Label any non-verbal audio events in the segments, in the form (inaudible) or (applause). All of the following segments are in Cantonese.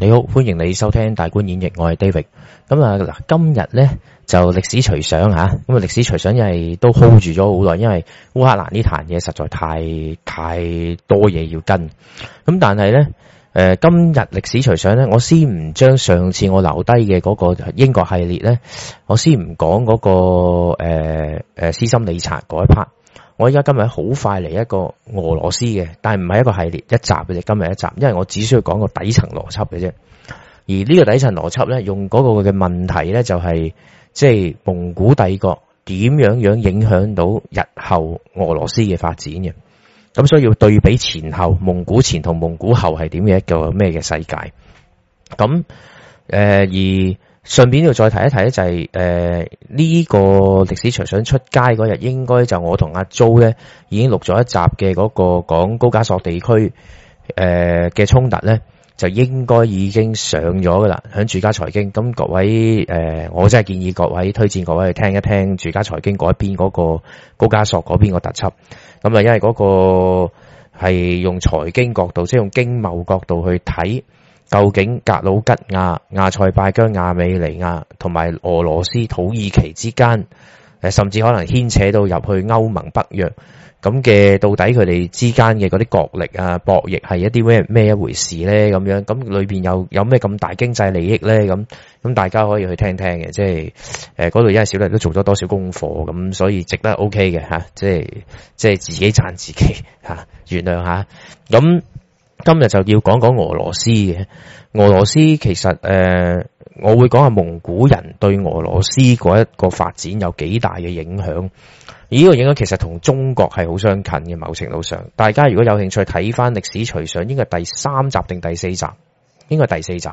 你好，歡迎你收聽大觀演繹，我係 David。咁啊，嗱，今日咧就歷史隨想吓，咁啊，歷史隨想因係都 hold 住咗好耐，因為烏克蘭呢壇嘢實在太太多嘢要跟咁，但係咧誒，今日歷史隨想咧，我先唔將上次我留低嘅嗰個英國系列咧，我先唔講嗰、嗰個誒誒，斯、呃、心理察嗰一 part。我依家今日好快嚟一個俄羅斯嘅，但係唔係一個系列，一集嘅啫。今日一集，因為我只需要講個底層邏輯嘅啫。而呢個底層邏輯咧，用嗰個嘅問題咧、就係，就係即係蒙古帝國點樣樣影響到日後俄羅斯嘅發展嘅。咁所以要對比前後蒙古前同蒙古後係點嘅一個咩嘅世界。咁、呃、誒而。順便要再提一提咧、就是，就係誒呢個歷史隨想出街嗰日，應該就我同阿租呢已經錄咗一集嘅嗰個講高加索地區誒嘅、呃、衝突呢，就應該已經上咗噶啦，響住家財經。咁各位誒、呃，我真係建議各位推薦各位去聽一聽住家財經嗰一邊嗰個高加索嗰邊個特輯。咁就因為嗰個係用財經角度，即、就、係、是、用經貿角度去睇。究竟格魯吉亞、亞塞拜疆、亞美尼亞同埋俄羅斯、土耳其之間，誒，甚至可能牽扯到入去歐盟、北約咁嘅，到底佢哋之間嘅嗰啲角力啊博弈係一啲咩咩一回事咧？咁樣咁裏邊有有咩咁大經濟利益咧？咁咁大家可以去聽聽嘅，即係誒，嗰度因為小弟都做咗多少功課咁，所以值得 OK 嘅吓，即係即係自己贊自己吓，原諒下。咁。今日就要講講俄羅斯嘅，俄羅斯其實誒，我會講下蒙古人對俄羅斯嗰一個發展有幾大嘅影響。而呢個影響其實同中國係好相近嘅，某程度上，大家如果有興趣睇翻歷史隨想，應該第三集定第四集，應該第四集，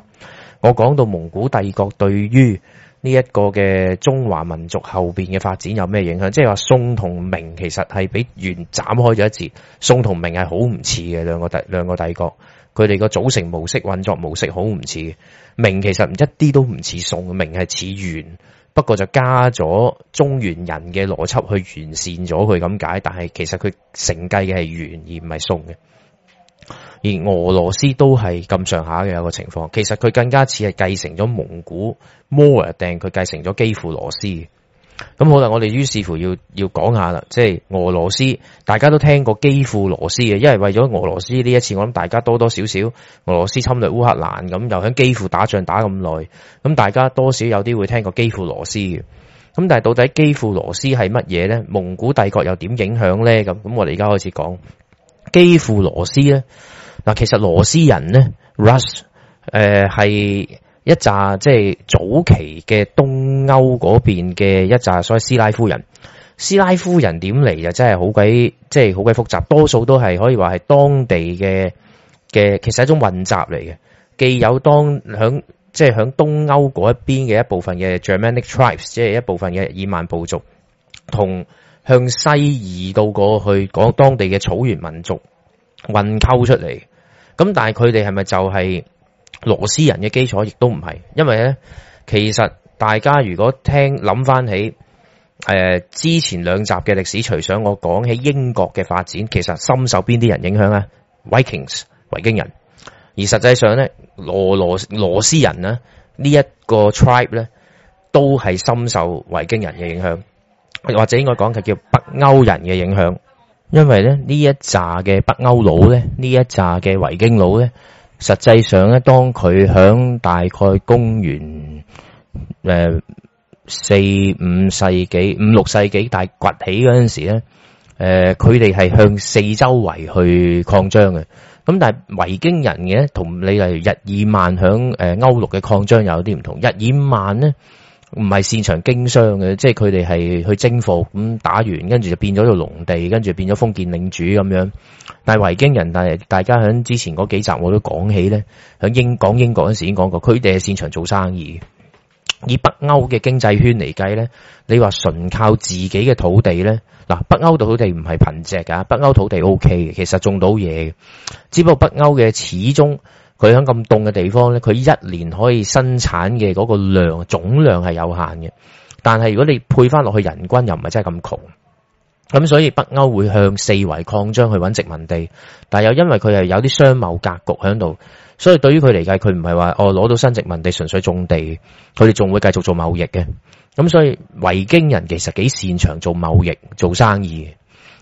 我講到蒙古帝國對於呢一個嘅中華民族後邊嘅發展有咩影響？即係話宋同明其實係俾元斬開咗一截，宋同明係好唔似嘅兩個帝兩個帝國，佢哋個組成模式運作模式好唔似嘅。明其實一啲都唔似宋，明係似元，不過就加咗中原人嘅邏輯去完善咗佢咁解，但係其實佢承繼嘅係元而唔係宋嘅。而俄羅斯都係咁上下嘅一個情況，其實佢更加似係繼承咗蒙古摩爾定，佢繼承咗基輔羅斯。咁好啦，我哋於是乎要要講下啦，即係俄羅斯，大家都聽過基輔羅斯嘅，因為為咗俄羅斯呢一次，我諗大家多多少少俄羅斯侵略烏克蘭咁，又響基輔打仗打咁耐，咁大家多少有啲會聽過基輔羅斯嘅。咁但係到底基輔羅斯係乜嘢咧？蒙古帝國又點影響咧？咁咁我哋而家開始講。基輔羅斯咧，嗱，其實羅斯人呢 Russ、呃、誒係一紮，即係早期嘅東歐嗰邊嘅一扎所謂斯拉夫人。斯拉夫人點嚟就真係好鬼，即係好鬼複雜，多數都係可以話係當地嘅嘅，其實係一種混雜嚟嘅，既有當響即係響東歐嗰一邊嘅一部分嘅 Germanic tribes，即係一部分嘅日耳曼部族同，向西移到過去講當地嘅草原民族混媾出嚟，咁但係佢哋係咪就係羅斯人嘅基礎？亦都唔係，因為咧，其實大家如果聽諗翻起，誒、呃、之前兩集嘅歷史，除咗我講起英國嘅發展，其實深受邊啲人影響呀？Vikings 維京人，而實際上咧羅羅羅斯人呢，這個、呢一個 tribe 咧，都係深受維京人嘅影響。或者應該講嘅叫北歐人嘅影響，因為咧呢一扎嘅北歐佬咧，呢一扎嘅維京佬咧，實際上咧，當佢響大概公元誒四五世紀、五六世紀大崛起嗰陣時咧，誒佢哋係向四周圍去擴張嘅。咁但係維京人嘅同你嚟日耳曼響誒歐陸嘅擴張有啲唔同，日耳曼咧。唔係擅長經商嘅，即係佢哋係去征服咁打完，跟住就變咗做農地，跟住變咗封建領主咁樣。但係維京人，但係大家喺之前嗰幾集我都講起咧，喺英講英國嗰陣時已經講過，佢哋係擅長做生意的。以北歐嘅經濟圈嚟計咧，你話純靠自己嘅土地咧，嗱北歐土地唔係貧瘠㗎，北歐土地 O K 嘅，OK，其實種到嘢嘅，只不過北歐嘅始終。佢喺咁凍嘅地方咧，佢一年可以生產嘅嗰個量總量係有限嘅。但係如果你配翻落去，人均又唔係真係咁窮。咁所以北歐會向四圍擴張去搵殖民地，但係又因為佢係有啲商貿格局喺度，所以對於佢嚟計，佢唔係話哦攞到新殖民地純粹種地，佢哋仲會繼續做貿易嘅。咁所以維京人其實幾擅長做貿易做生意。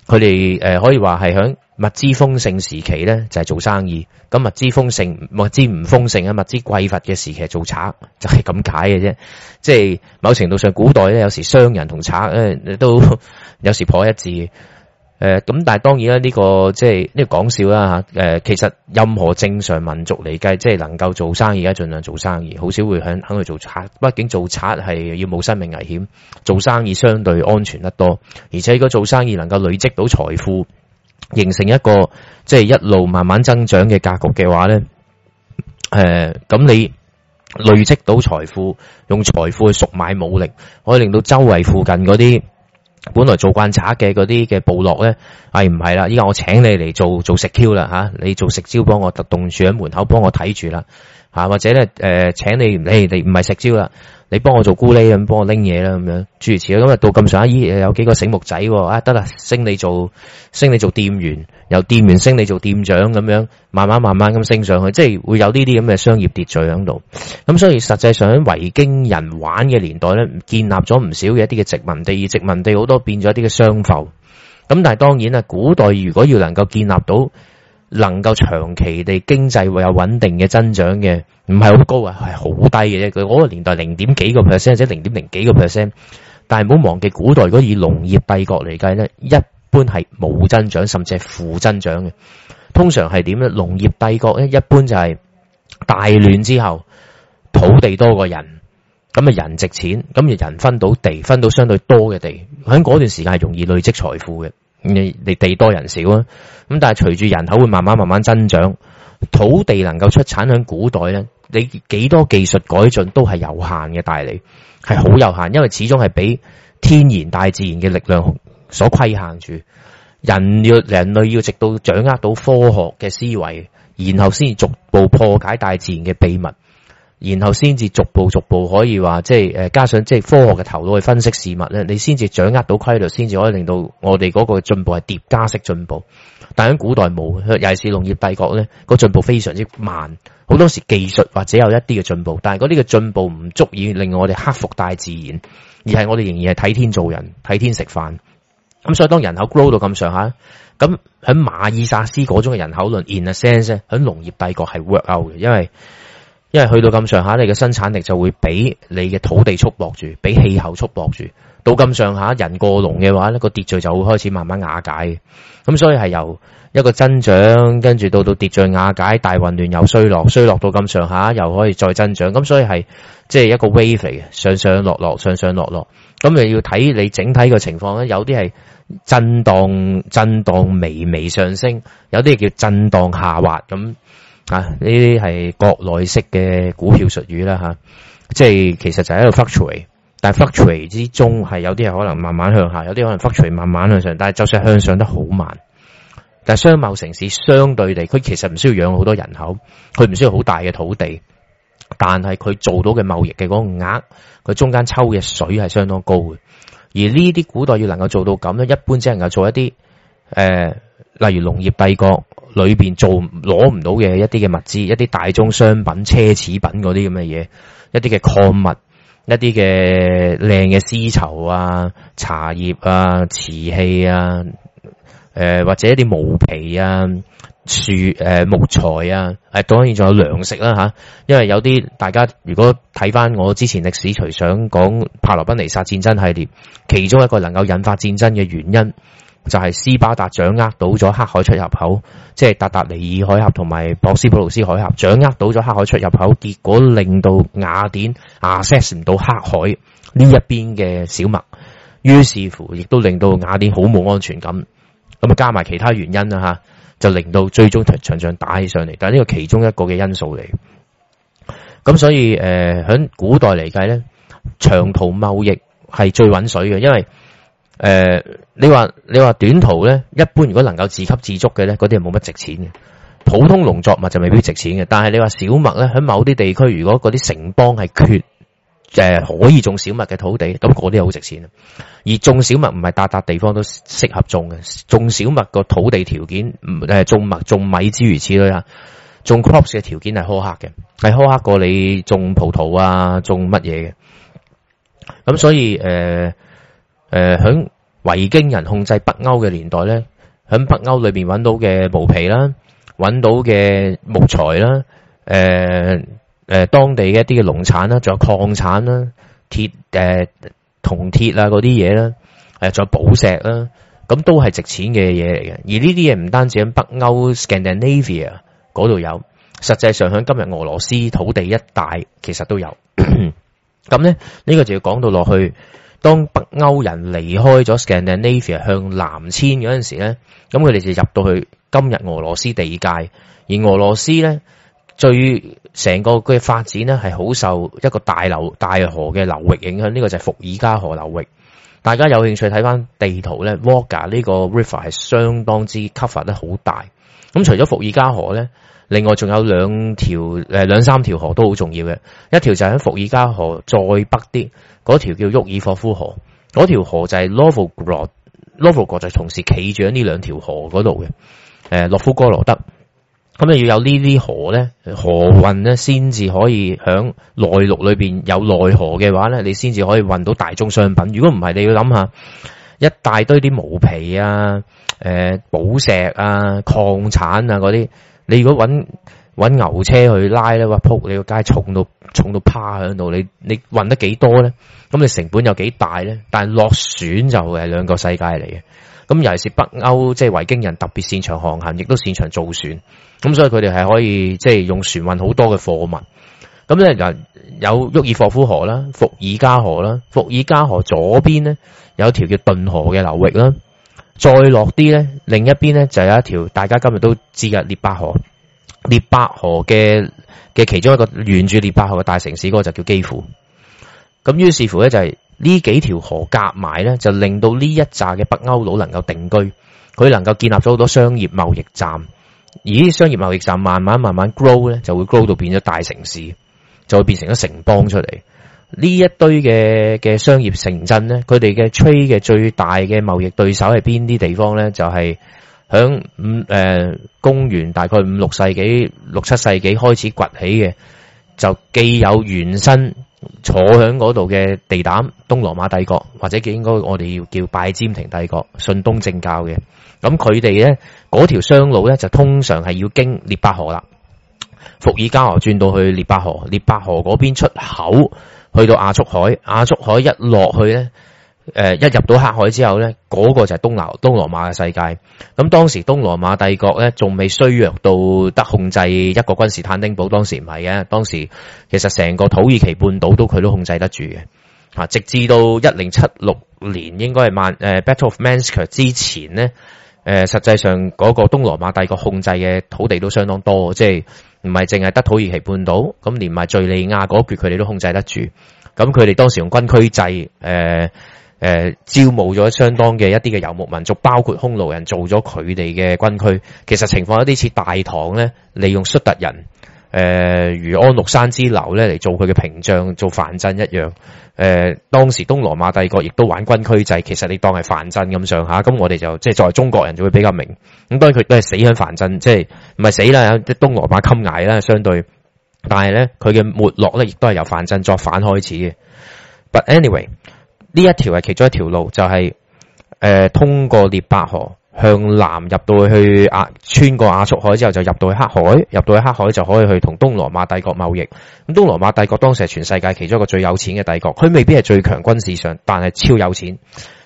佢哋誒可以話係響物資豐盛時期咧，就係做生意；咁物資豐盛、物資唔豐盛啊，物資匱乏嘅時期係做賊，就係咁解嘅啫。即係某程度上，古代咧有時商人同賊誒都有時頗一致。誒，咁但係當然啦，這個，呢個即係呢個講笑啦吓。誒，其實任何正常民族嚟計，即係能夠做生意，而家盡量做生意，好少會響響去做賊。畢竟做賊係要冇生命危險，做生意相對安全得多。而且如果做生意能夠累積到財富，形成一個即係、就是、一路慢慢增長嘅格局嘅話咧，誒、呃，咁你累積到財富，用財富去贖買武力，可以令到周圍附近嗰啲。本來做慣賊嘅嗰啲嘅部落咧，係唔係啦？依家我請你嚟，做做食蕉啦吓，你做食蕉幫我特動住喺門口幫我睇住啦。啊、或者咧、呃、請你，你哋唔係食蕉啦，你幫我做咕哩咁，幫我拎嘢啦咁樣，諸如此類咁，啊到咁上一咁上下，咦有幾個醒目仔喎，啊得啦，升你做升你做店員，由店員升你做店長咁樣，慢慢慢慢咁升上去，即係會有呢啲咁嘅商業秩序喺度。咁所以實際上喺維京人玩嘅年代咧，建立咗唔少嘅一啲嘅殖民地，而殖民地好多變咗一啲嘅商埠。咁但係當然啦，古代如果要能夠建立到。能夠長期地經濟會有穩定嘅增長嘅，唔係好高啊，係好低嘅啫。佢嗰個年代零點幾個 percent 或者零點零幾個 percent，但係唔好忘記古代如果以農業帝國嚟計咧，一般係冇增長甚至係負增長嘅。通常係點咧？農業帝國咧一般就係大亂之後，土地多過人，咁啊人值錢，咁而人分到地，分到相對多嘅地，喺嗰段時間係容易累積財富嘅。你地多人少啊，咁但係隨住人口會慢慢慢慢增長，土地能夠出產響古代咧，你幾多技術改進都係有限嘅，大你係好有限，因為始終係俾天然大自然嘅力量所規限住。人要人類要直到掌握到科學嘅思維，然後先逐步破解大自然嘅秘密。然後先至逐步逐步可以話即係誒加上即係科學嘅頭腦去分析事物咧，你先至掌握到規律，先至可以令到我哋嗰個進步係疊加式進步。但喺古代冇，尤其是農業帝國咧，嗰個進步非常之慢。好多時技術或者有一啲嘅進步，但係嗰啲嘅進步唔足以令我哋克服大自然，而係我哋仍然係睇天做人、睇天食飯。咁所以當人口 grow 到咁上下，咁喺馬爾薩斯嗰種嘅人口論 in a sense 咧，喺農業帝國係 work out 嘅，因為。因為去到咁上下，你嘅生產力就會俾你嘅土地束縛住，俾氣候束縛住。到咁上下，人過濃嘅話呢、呢個秩序就會開始慢慢瓦解。咁所以係由一個增長，跟住到到秩序瓦解、大混亂、又衰落，衰落到咁上下，又可以再增長。咁所以係即係一個 wave 嚟嘅上上落落，上上落落。咁你要睇你整體嘅情況咧。有啲係震蕩、震蕩、微微上升，有啲叫震蕩下滑咁。啊！呢啲係國內式嘅股票術語啦，吓、啊，即係其實就喺度 fluctuate，但係 fluctuate 之中係有啲係可能慢慢向下，有啲可能 fluctuate 慢慢向上，但係就算向上得好慢，但係商貿城市相對地，佢其實唔需要養好多人口，佢唔需要好大嘅土地，但係佢做到嘅貿易嘅嗰個額，佢中間抽嘅水係相當高嘅，而呢啲古代要能夠做到咁咧，一般只能夠做一啲誒、呃，例如農業帝國。裏邊做攞唔到嘅一啲嘅物資，一啲大宗商品、奢侈品，嗰啲咁嘅嘢，一啲嘅礦物、一啲嘅靚嘅絲綢啊、茶葉啊、瓷器啊，誒、呃、或者一啲毛皮啊、樹誒、呃、木材啊，誒當然仲有糧食啦、啊、吓，因為有啲大家如果睇返我之前歷史，除想講帕羅賓尼薩戰爭系列，其中一個能夠引發戰爭嘅原因。就係斯巴達掌握到咗黑海出入口，即係達達尼爾海峽同埋博斯普魯斯海峽，掌握到咗黑海出入口，結果令到雅典 access 唔到黑海呢一邊嘅小麥，於是乎亦都令到雅典好冇安全感，咁加埋其他原因啦吓，就令到最終場仗打起上嚟，但係呢個其中一個嘅因素嚟，咁所以誒響古代嚟計咧，長途貿易係最穩水嘅，因為誒、呃，你話你話短途咧，一般如果能夠自給自足嘅咧，嗰啲係冇乜值錢嘅。普通農作物就未必值錢嘅，但係你話小麥咧，喺某啲地區，如果嗰啲城邦係缺誒、呃、可以種小麥嘅土地，咁嗰啲好值錢。而種小麥唔係笪笪地方都適合種嘅，種小麥個土地條件誒、呃、種麥種米之如此類啊，種 crops 嘅條件係苛刻嘅，係苛刻過你種葡萄啊，種乜嘢嘅。咁所以誒。呃誒，響維、呃、京人控制北歐嘅年代咧，響北歐裏邊揾到嘅毛皮啦，揾到嘅木材啦，誒、呃、誒、呃，當地的一啲嘅農產啦，仲有礦產啦，鐵誒，銅鐵啊嗰啲嘢啦，誒，仲、呃、有寶石啦，咁都係值錢嘅嘢嚟嘅。而呢啲嘢唔單止響北歐 Scandinavia 嗰度有，實際上響今日俄羅斯土地一帶其實都有。咁 (coughs) 咧，這呢、這個就要講到落去。當北歐人離開咗 Scandinavia 向南遷嗰陣時咧，咁佢哋就入到去今日俄羅斯地界，而俄羅斯咧最成個嘅發展咧係好受一個大流大河嘅流域影響，呢個就係伏爾加河流域。大家有興趣睇翻地圖咧，Vogga 呢個 river 係相當之 cover 得好大。咁除咗伏爾加河咧，另外仲有兩條誒、呃、兩三條河都好重要嘅，一條就係喺伏爾加河再北啲。嗰條叫沃爾霍夫河，嗰條河就係 Lovo Gro Novo 國就係同時企住喺呢兩條河嗰度嘅，誒，諾夫哥羅德，咁你要有呢啲河呢啲河咧，河運咧先至可以響內陸裏邊有內河嘅話咧，你先至可以運到大宗商品。如果唔係，你要諗下一大堆啲毛皮啊、誒寶石啊、礦產啊嗰啲，你如果搵。搵牛車去拉咧，哇！仆你個街重到重到趴喺度，你你運得幾多咧？咁你成本又幾大咧？但係落船就係兩個世界嚟嘅。咁尤其是北歐，即係維京人特別擅長航行，亦都擅長造船。咁所以佢哋係可以即係、就是、用船運好多嘅貨物。咁咧就有沃爾霍夫河啦、伏爾加河啦。伏爾加河左邊咧有一條叫頓河嘅流域啦，再落啲咧，另一邊咧就有一條大家今日都知嘅涅巴河。聶伯河嘅，嘅其中一個沿住聶伯河嘅大城市嗰個就叫基輔。咁於是乎咧，就係呢幾條河夾埋咧，就令到呢一扎嘅北歐佬能夠定居，佢能夠建立咗好多商業貿易站。而啲商業貿易站慢慢慢慢 grow 咧，就會 grow 到變咗大城市，就會變成咗城邦出嚟。呢一堆嘅嘅商業城鎮咧，佢哋嘅 trade 嘅最大嘅貿易對手係邊啲地方咧？就係。響五誒、呃、公元大概五六世紀六七世紀開始崛起嘅，就既有原身坐響嗰度嘅地膽東羅馬帝國或者叫應該我哋要叫拜占庭帝國信東正教嘅。咁佢哋咧嗰條商路咧就通常係要經聶伯河啦，伏爾加河轉到去聶伯河，聶伯河嗰邊出口去到亞速海，亞速海一落去咧。誒，一入到黑海之後咧，嗰、那個就係東羅東羅馬嘅世界。咁當時東羅馬帝國咧仲未衰弱到得控制一個君士坦丁堡，當時唔係嘅。當時其實成個土耳其半島都佢都控制得住嘅。吓、啊，直至到一零七六年應該是，應該係萬誒 Battle of Mansker 之前咧，誒、呃，實際上嗰個東羅馬帝國控制嘅土地都相當多，即係唔係淨係得土耳其半島，咁連埋敘利亞嗰橛，佢哋都控制得住。咁佢哋當時用軍區制，誒、呃。誒招募咗相當嘅一啲嘅游牧民族，包括匈奴人做咗佢哋嘅軍區。其實情況有啲似大唐咧，利用粟特人，誒、呃、如安祿山之流咧嚟做佢嘅屏障、做藩鎮一樣。誒、呃、當時東羅馬帝國亦都玩軍區制，其實你當係藩鎮咁上下。咁我哋就即係作為中國人就會比較明。咁當然佢都係死喺藩鎮，即係唔係死啦？東羅馬襟捱啦，相對。但係咧，佢嘅沒落咧亦都係由藩鎮作反開始嘅。But anyway. 呢一條係其中一條路，就係、是呃、通過聶伯河向南入到去啊，穿過亞速海之後就入到去黑海，入到去黑海就可以去同東羅馬帝國貿易。咁東羅馬帝國當時係全世界其中一個最有錢嘅帝國，佢未必係最強軍事上，但係超有錢。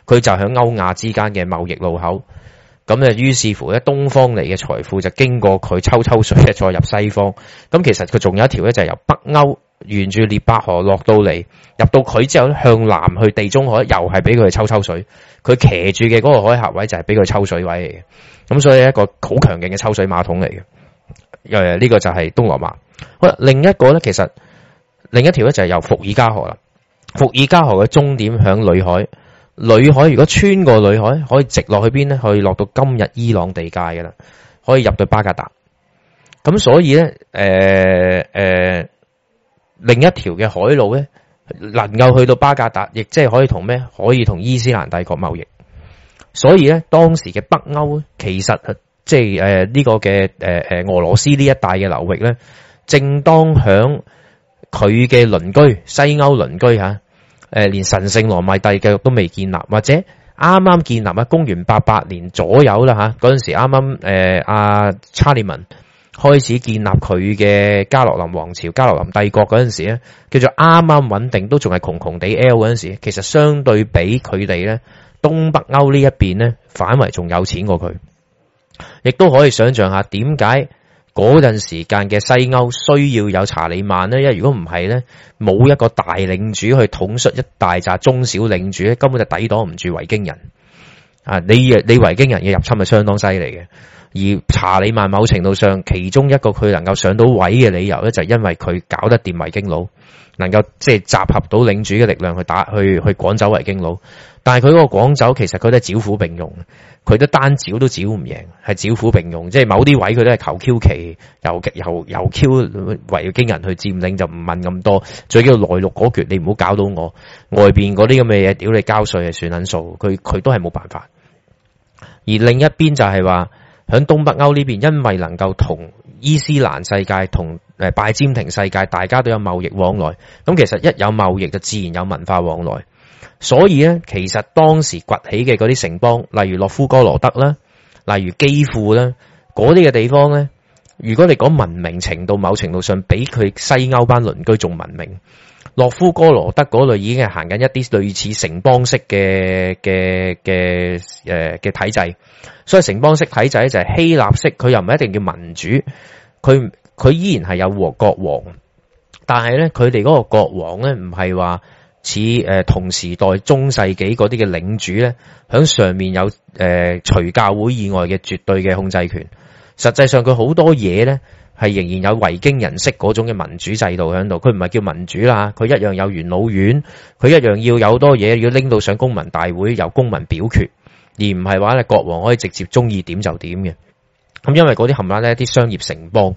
佢就喺歐亞之間嘅貿易路口。咁咧，於是乎咧，東方嚟嘅財富就經過佢抽抽水再入西方。咁其實佢仲有一條咧，就係由北歐。沿住列巴河落到嚟，入到佢之後向南去地中海，又係俾佢抽抽水。佢騎住嘅嗰個海峽位就係俾佢抽水位嚟嘅，咁所以一個好強勁嘅抽水馬桶嚟嘅。誒，呢個就係東羅馬。好啦，另一個咧，其實另一條咧就係由伏爾加河啦。伏爾加河嘅終點響裏海，裏海如果穿過裏海，可以直落去邊咧？可以落到今日伊朗地界㗎啦，可以入到巴格達。咁所以咧，誒、呃、誒。呃另一條嘅海路咧，能夠去到巴格達，亦即係可以同咩？可以同伊斯蘭帝國貿易。所以咧，當時嘅北歐其實即係誒呢個嘅誒誒俄羅斯呢一帶嘅流域咧，正當響佢嘅鄰居西歐鄰居吓，誒、啊、連神聖羅馬帝嘅都未建立，或者啱啱建立啊，公元八百年左右啦吓，嗰、啊、陣時啱啱誒阿查理曼。呃啊開始建立佢嘅加洛林王朝、加洛林帝國嗰陣時咧，叫做啱啱穩定，都仲係窮窮地 L 嗰陣時，其實相對比佢哋咧，東北歐呢一邊咧，反為仲有錢過佢，亦都可以想象下點解嗰陣時間嘅西歐需要有查理曼咧？因為如果唔係咧，冇一個大領主去統率一大紮中小領主咧，根本就抵擋唔住維京人啊！你維你維京人嘅入侵係相當犀利嘅。而查理曼某程度上，其中一個佢能夠上到位嘅理由咧，就係因為佢搞得掂維京佬，能夠即係集合到領主嘅力量去打，去去趕走維京佬。但係佢嗰個趕走其實佢都係剿撫並用，佢都單剿都剿唔贏，係剿撫並用，即係某啲位佢都係求 Q 其，由由由 Q 維京人去佔領就唔問咁多，最緊要內陸嗰橛你唔好搞到我外邊嗰啲咁嘅嘢，屌你交稅係算捻數，佢佢都係冇辦法。而另一邊就係話。響東北歐呢邊，因為能夠同伊斯蘭世界、同誒拜占庭世界，大家都有貿易往來，咁其實一有貿易就自然有文化往來，所以咧，其實當時崛起嘅嗰啲城邦，例如洛夫哥羅德啦，例如基輔啦，嗰啲嘅地方咧，如果你講文明程度，某程度上比佢西歐班鄰居仲文明。洛夫哥羅德嗰度已經係行緊一啲類似城邦式嘅嘅嘅誒嘅體制，所以城邦式體制就係希臘式，佢又唔一定叫民主，佢佢依然係有和國王，但係咧佢哋嗰個國王咧唔係話似誒同時代中世紀嗰啲嘅領主咧，響上面有誒除、呃、教會以外嘅絕對嘅控制權。實際上佢好多嘢咧，係仍然有維京人式嗰種嘅民主制度喺度。佢唔係叫民主啦，佢一樣有元老院，佢一樣要有好多嘢要拎到上公民大會由公民表決，而唔係話咧國王可以直接中意點就點嘅。咁因為嗰啲冚唪唥呢啲商業城邦，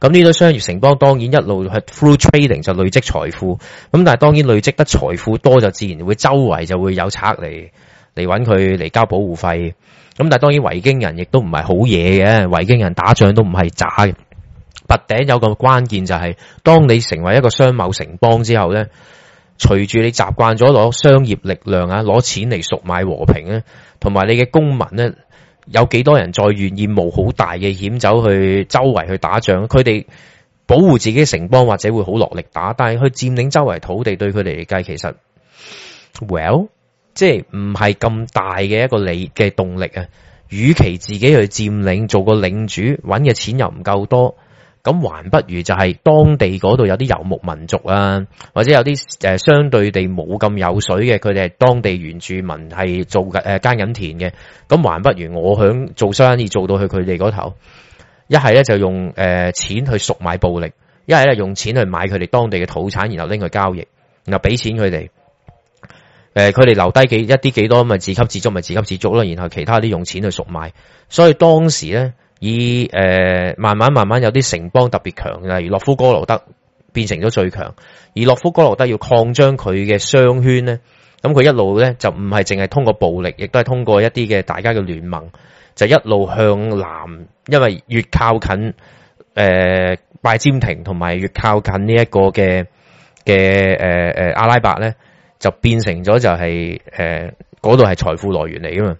咁呢啲商業城邦當然一路係 through trading 就累積財富。咁但係當然累積得財富多就自然會周圍就會有賊嚟嚟揾佢嚟交保護費。咁但係當然維京人亦都唔係好嘢嘅，維京人打仗都唔係渣嘅。拔頂有個關鍵就係，當你成為一個商貿城邦之後咧，隨住你習慣咗攞商業力量啊，攞錢嚟贖買和平咧，同埋你嘅公民咧，有幾多人再願意冒好大嘅險走去周圍去打仗？佢哋保護自己城邦或者會好落力打，但係去佔領周圍土地對佢哋嚟計，其實，Well。即係唔係咁大嘅一個利嘅動力啊！與其自己去佔領做個領主，揾嘅錢又唔夠多，咁還不如就係當地嗰度有啲遊牧民族啊，或者有啲誒相對地冇咁有，有水嘅，佢哋係當地原住民係做間誒、呃、耕緊田嘅，咁還不如我響做生意做到去佢哋嗰頭，一係咧就用誒、呃、錢去贖買暴力，一係咧用錢去買佢哋當地嘅土產，然後拎去交易，然後俾錢佢哋。誒，佢哋留低幾一啲幾多，咪、就是、自給自足咪、就是、自給自足咯。然後其他啲用錢去貿賣，所以當時咧，以誒、呃、慢慢慢慢有啲城邦特別強，例如諾夫哥羅德變成咗最強，而諾夫哥羅德要擴張佢嘅商圈咧，咁佢一路咧就唔係淨係通過暴力，亦都係通過一啲嘅大家嘅聯盟，就一路向南，因為越靠近誒、呃、拜占庭同埋越靠近呢一個嘅嘅誒誒阿拉伯咧。就變成咗就係誒，嗰度係財富來源嚟噶嘛，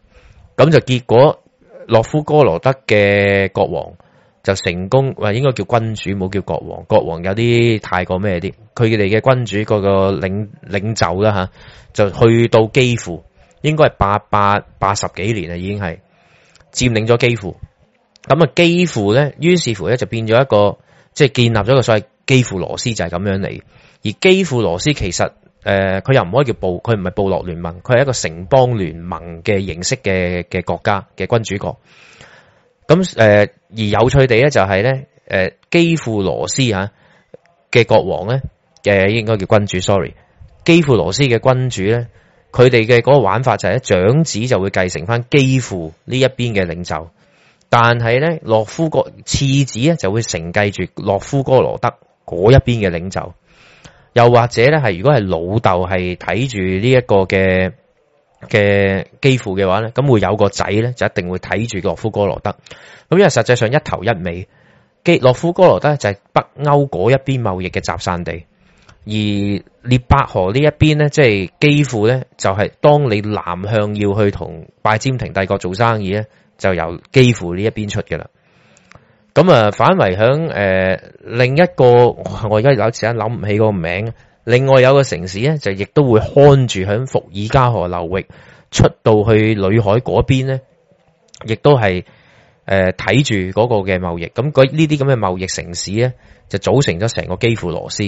咁就結果諾夫哥羅德嘅國王就成功，或應該叫君主，唔好叫國王，國王有啲太過咩啲，佢哋嘅君主個個領領袖啦吓，就去到基輔應該係八百八十幾年已經係佔領咗基輔，咁啊基輔咧，於是乎咧就變咗一個即係、就是、建立咗個所謂基輔羅斯就係咁樣嚟，而基輔羅斯其實。誒，佢又唔可以叫部，佢唔係部落聯盟，佢係一個城邦聯盟嘅形式嘅嘅國家嘅君主國。咁誒，而有趣地咧就係咧，誒，基輔羅斯吓嘅國王咧，誒，應該叫君主，sorry，基輔羅斯嘅君主咧，佢哋嘅嗰個玩法就係咧，長子就會繼承翻基輔呢一邊嘅領袖，但係咧，洛夫國次子咧就會承繼住洛夫哥羅德嗰一邊嘅領袖。又或者咧，係如果係老豆係睇住呢一個嘅嘅基輔嘅話咧，咁會有個仔咧，就一定會睇住諾夫哥羅德。咁因為實際上一頭一尾，基諾夫哥羅德就係北歐嗰一邊貿易嘅集散地，而聶伯河呢一邊咧，即係基輔咧，就係當你南向要去同拜占庭帝國做生意咧，就由基輔呢一邊出嘅啦。咁啊，反圍響誒，另一個我而家有時間諗唔起個名，另外有個城市咧，就亦都會看住響伏爾加河流域出到去裏海嗰邊咧，亦都係誒睇住嗰個嘅貿易。咁佢呢啲咁嘅貿易城市咧，就組成咗成個基輔羅斯。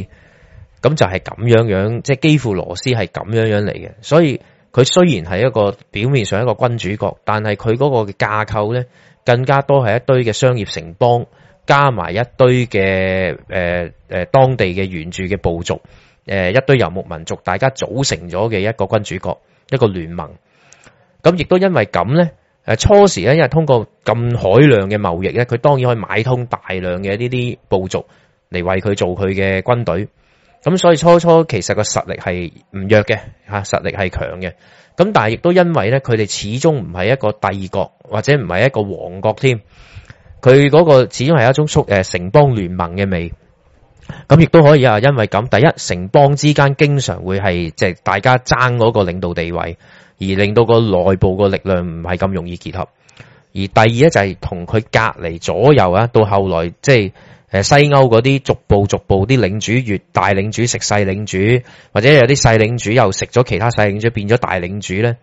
咁就係咁樣樣，即係基輔羅斯係咁樣樣嚟嘅。所以佢雖然係一個表面上一個君主國，但係佢嗰個嘅架構咧。更加多係一堆嘅商業城邦，加埋一堆嘅誒誒當地嘅原住嘅部族，誒、呃、一堆游牧民族，大家組成咗嘅一個君主國，一個聯盟。咁亦都因為咁咧，誒初時咧，因為通過咁海量嘅貿易咧，佢當然可以買通大量嘅呢啲部族嚟為佢做佢嘅軍隊。咁所以初初其實個實力係唔弱嘅，吓實力係強嘅。咁但係亦都因為咧，佢哋始終唔係一個帝國或者唔係一個王國添，佢嗰個始終係一種縮誒城邦聯盟嘅味。咁亦都可以啊，因為咁，第一城邦之間經常會係即係大家爭嗰個領導地位，而令到個內部個力量唔係咁容易結合。而第二咧就係同佢隔籬左右啊，到後來即係。就是誒，西歐嗰啲，逐步逐步啲領主越大領主食細領主，或者有啲細領主又食咗其他細領主，變咗大領主咧。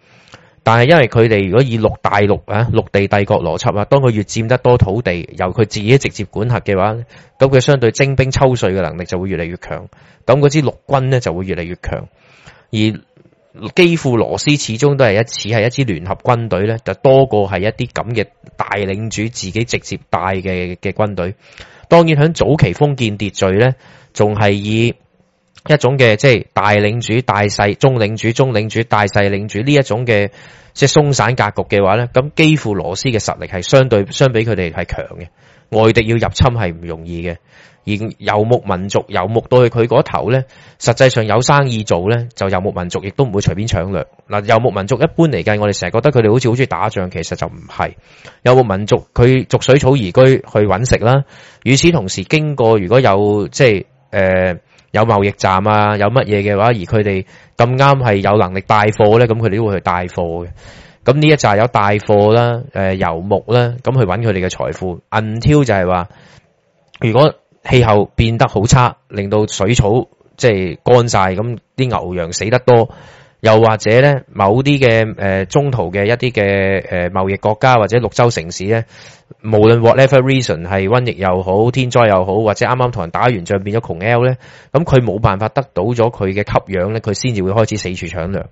但係因為佢哋如果以陸大陸啊，陸地帝國邏輯啊，當佢越佔得多土地，由佢自己直接管轄嘅話，咁佢相對徵兵抽稅嘅能力就會越嚟越強，咁嗰支陸軍咧就會越嚟越強。而基輔羅斯始終都係一次係一支聯合軍隊咧，就多過係一啲咁嘅大領主自己直接帶嘅嘅軍隊。當然響早期封建秩序咧，仲係以一種嘅即係大領主、大細、中領主、中領主、大細領主呢一種嘅即係鬆散格局嘅話咧，咁基輔羅斯嘅實力係相對相比佢哋係強嘅，外敵要入侵係唔容易嘅。而游牧民族游牧到去佢嗰頭咧，實際上有生意做咧，就游牧民族亦都唔會隨便搶掠嗱。游牧民族一般嚟計，我哋成日覺得佢哋好似好鍾意打仗，其實就唔係游牧民族，佢逐水草而居去搵食啦。與此同時，經過如果有即係有貿易站啊，有乜嘢嘅話，而佢哋咁啱係有能力帶貨咧，咁佢哋都會去帶貨嘅。咁呢一紮有帶貨啦，誒游牧啦，咁去揾佢哋嘅財富。暗挑就係話，如果氣候變得好差，令到水草即係乾晒，咁啲牛羊死得多。又或者咧，某啲嘅，誒中途嘅一啲嘅，誒貿易國家或者綠洲城市咧，無論 whatever reason 係瘟疫又好、天災又好，或者啱啱同人打完仗變咗窮 L 咧，咁佢冇辦法得到咗佢嘅吸氧咧，佢先至會開始四處搶糧。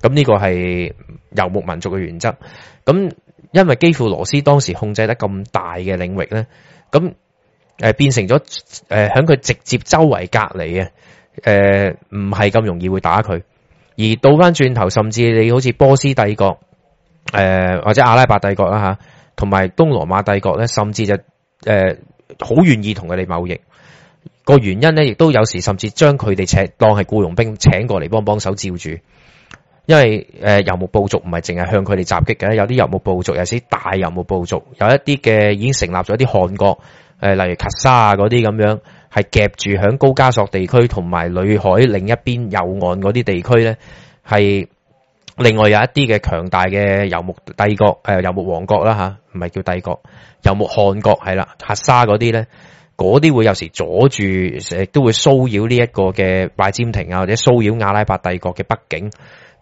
咁呢個係游牧民族嘅原則。咁因為基輔羅斯當時控制得咁大嘅領域咧，咁誒變成咗誒喺佢直接周圍隔籬啊，誒、呃，唔係咁容易會打佢。而倒翻轉頭，甚至你好似波斯帝國，誒、呃、或者阿拉伯帝國啦吓，同、啊、埋東羅馬帝國咧，甚至就誒好願意同佢哋貿易。個原因咧，亦都有時甚至將佢哋請當係僱傭兵，請過嚟幫幫手照住。因為誒游牧部族唔係淨係向佢哋襲擊嘅，有啲游牧部族有是大游牧部族，有一啲嘅已經成立咗一啲汗國，誒、呃、例如喀沙嗰啲咁樣。係夾住響高加索地區同埋裏海另一邊右岸嗰啲地區咧，係另外有一啲嘅強大嘅游牧帝國。誒、呃，游牧王國啦吓，唔係叫帝國，游牧汗國係啦，哈薩嗰啲咧，嗰啲會有時阻住，亦都會騷擾呢一個嘅拜占庭啊，或者騷擾阿拉伯帝國嘅北境。